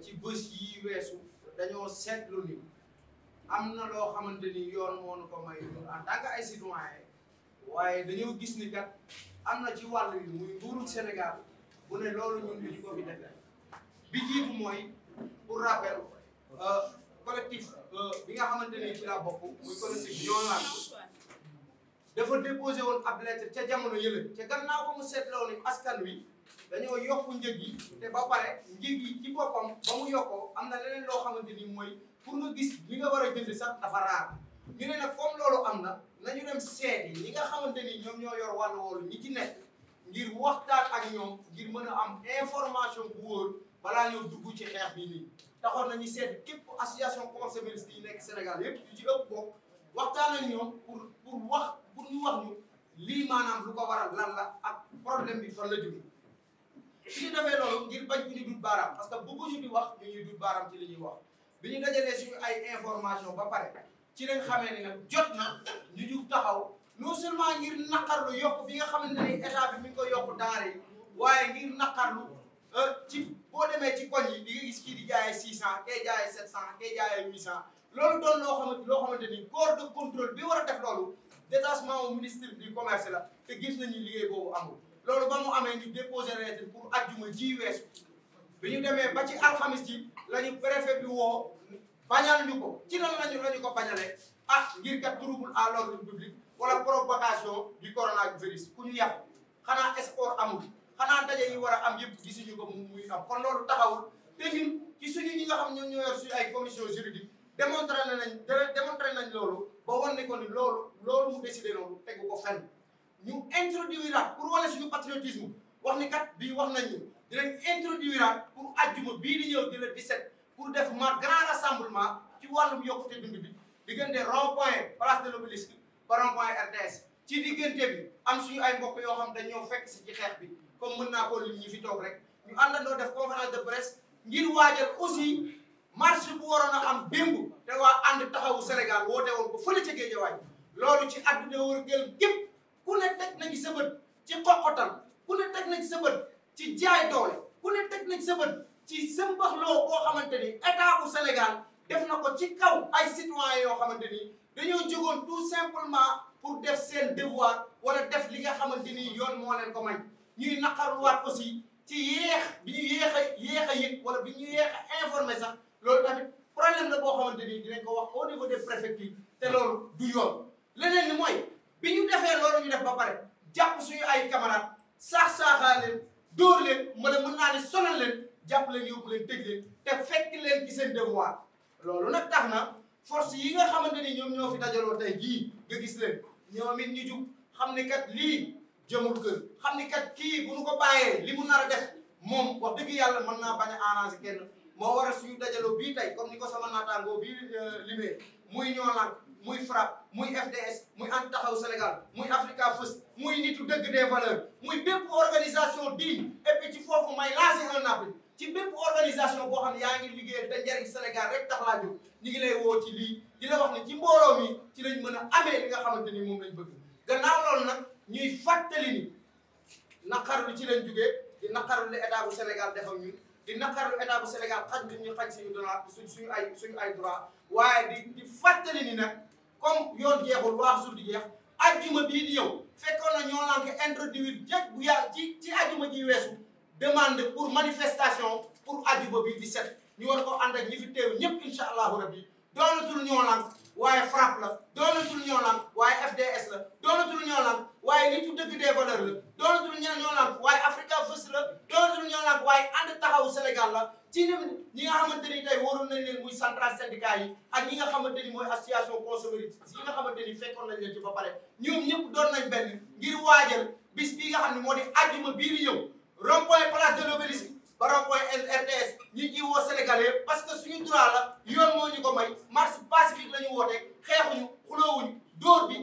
ci bés yi weesu dañoo seetlu ni am na loo xamante ni yoon moo nu ko may ñun en tant que ay citoyen waaye dañoo gis ni kat am na ci wàll yi muy nguurug Sénégal bu ne loolu ñun bi ñu ko fi defee bi jiitu mooy pour rappel euh, collectif euh, bi nga xamante ni ci la bokk muy collectif ñoo laan dafa déposé woon ab lettre ca jamono yële ca gannaaw ba seetloo ni askan wi dañoo yokk njëg yi te ba pare njëg yi ci boppam ba mu yokkoo am na leneen loo xamante ni mooy pour nga gis li nga war a jënd sax dafa raar ñu ne nag comme loolu am na nañu dem seeti ñi nga xamante ni ñoom ñoo yor wàllu woolu ñi ci nekk ngir waxtaan ak ñoom ngir mën a am information bu wóor balaa ñoo dugg ci xeex bi nii taxoon nañu seet képp association consumériste yi nekk Sénégal yépp yu ci ëpp bokk waxtaan ak ñoom pour pour wax pour ñu wax ñu lii maanaam lu ko lan la ak problème bi fan la bi ñu defee loolu ngir bañ ñu dut baaraam parce que bëgguñu di wax ñu ñuy dut baaraam ci li ñuy wax bi ñu dajalee suñu ay information ba pare ci lañ xamee ne nag jot na ñu jug taxaw non seulement ngir naqarlu yokk bi nga xamante ne état bi mi ngi ko yokk daara yi waaye ngir naqarlu euh, ci boo demee ci koñ yi di nga gis kii di jaayee 600 kee jaayee 700 kee jaayee 800 loolu doon loo xamante loo xamante ni corps de war a def loolu détachement au ministre du commerce la te gis nañu liggéey boobu amul. loolu ba mu amee ñu déposé lettre pour ajjuma ji weesu bi ñu demee ba ci alxamis ji la ñu préfet bi woo bañal ñu ko ci lan lañu la ñu ko bañalee ah ngir kat trouble à l'ordre public wala propagation du coronavirus ku ñu yàq xanaa sport amul xanaa daje yi war a am yëpp gisuñu ko muy am kon loolu taxawul te ñun ci suñu ñi nga xam ñoom ñoo yor suñu ay commission juridique démontré nañ démontré nañ loolu ba wan ne ko ni loolu loolu mu décidé loolu tegu ko fenn ñu introduiraat pour wala suñu patriotisme wax ni kat bii wax nañ ñu dinañ introduiraat pour ajjuma bii di ñëw di le 17 pour def ma grand rassemblement ci wàllum yokkute dund bi diggante rond point place de l'obélisque ba rond point ci diggante bi am suñu ay mbokk yoo xam dañoo fekk si ci xeex bi comme mën naa koo ñi fi toog rek ñu àndandoo def conférence de presse ngir waajal aussi marche bu waroon a am démb te waa ànd taxawu Sénégal woote woon ko fële ca Géejawaay loolu ci ku ne teg na ci sa bët ci xoqotal ku ne teg na ci sa bët ci jaay doole ku ne teg na ci sa bët ci sëmbaxloo boo xamante ni état bu Sénégal def na ko ci kaw ay citoyens yoo xamante ni dañoo jógoon tout simplement pour def seen devoir wala def li nga xamante ni yoon moo leen ko may ñuy naqarluwaat aussi ci yéex bi ñu yéex a yéex a yëg wala bi ñu yéex a informé sax loolu tamit problème la boo xamante ni dinañ ko wax au niveau des préfectures te loolu du yoon leneen ni mooy bi ñu defee loolu ñu def ba pare jàpp suñu ay camarade saax saaxaa leen dóor leen mën a mën naa ne sonal leen jàpp leen yóbbu leen tëj leen te fekk leen giseen seen devoir loolu nag tax na force yi nga xamante ni ñoom ñoo fi dajaloo tey jii nga gis leen ñoom it ñu jug xam ni kat lii jëmul kër xam ni kat kii bu nu ko bàyyee li mu nar a def moom wax dëgg yàlla mën naa bañ a arrangé kenn moo waral suñu dajaloo bii tey comme ni ko sama naa naataangoo bii euh, limee muy ñoo muy FRAPP muy FDS muy And taxaw Sénégal muy Africa First muy nitu dëgg des valeurs muy bépp organisation digne et ci foofu may lancer un appel ci bépp organisation boo xam ne yaa ngi liggéeyal da Sénégal rek tax laa ñu ngi lay woo ci lii di la wax ne ci mbooloo mi ci lañ mën a amee li nga xamante ni moom lañ bëgg gannaaw loolu nag ñuy fàttali ni naqar bi ci lañ jógee di naqar li état bu Sénégal defam ñun di naqarlu état bu Sénégal xaj bi ñu xaj suñu droit suñ ay suñu ay droit waaye di di fàttali ni nag comme yoon jeexul waax sul di jeex ajjuma bii di ñëw fekkoon na ñoo laan ko introduire jëj bu yàgg ci ci ajjuma ji weesu demande pour manifestation pour ajjuma bii di set ñu war ko ànd ak ñi fi teew ñëpp incha allahu rabbi doonatul ñoo laan waaye FRAPP la doonatul ñoo waaye FDS la doonatul ñoo lànk waaye nitu dëgg des valeurs la doonatul ñoo ñoo lànk waaye Africa First la doonatul ñoo lànk waaye ànd taxawu Sénégal la ci ñi nga xamante ni tey waroon nañ leen muy central syndicat yi ak ñi nga xamante ni mooy association consommateur yi nga xamante ni fekkoon nañ leen ci ba pare ñoom ñëpp doon nañ benn ngir waajal bis bi nga xam ne moo di àjjuma bii di ñëw rond-point place de l'Obélisque ba rond-point RTS ñi ciy woo sénégalais parce que suñu droit la yoon moo ñu ko may marche pacifique la ñu woote bi